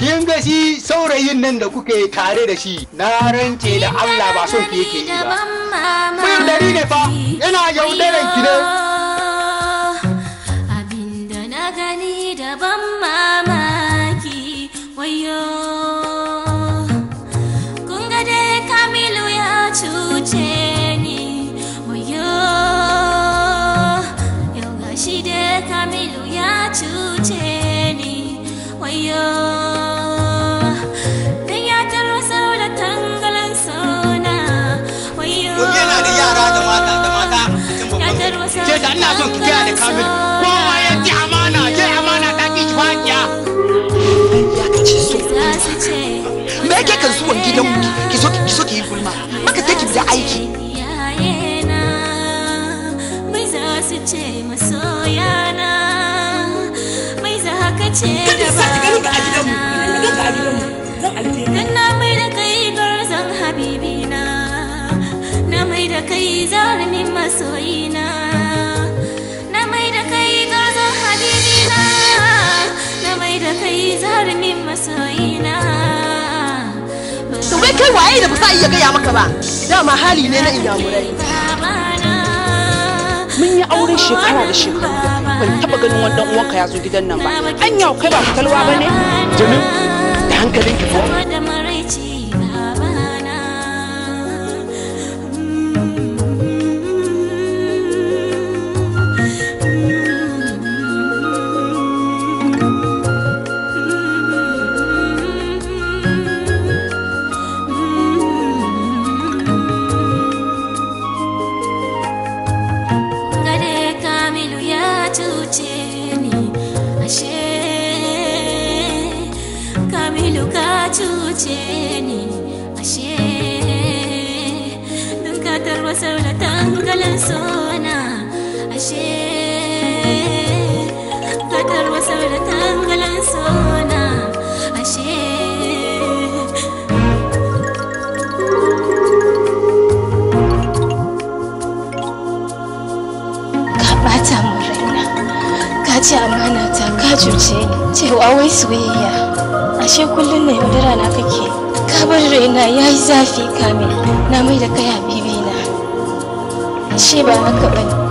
kin ga shi saurayin nan da kuke tare da shi na rance da Allah ba son ki yake yi ba mai dari ne fa ina yaudaran ki ne abinda na gani daban mamaki wayo kun ga dai Kamilu ya cuce ni wayo yau shi dai Kamilu ya cuce ni wayo ina son ki da kamil kowa ya ji amana je amana ta ki faɗiya ya me yake kan suwan gidan mu ki so ki so ki yi gulma maka take ki da aiki mai za su ce masoyana mai za ka ce da ba ka ga a gidan mu ga a gidan mu zan na mai da kai garzan habibina na mai da kai zare to wai kai waye da ba sa iya gaya maka ba dama hali ne na inyamurai mun yi auren shekara da shekaru ban taba ganin wani dan uwanka ya zo gidan nan ba an yawo kai ba talwa ba ne da hankalin ki ko ci amana ta ka cuce cewa wai soyayya ashe kullum mai madara na kake ka bar raina ya yi zafi kame na mai da kaya habibi na ashe ba haka bane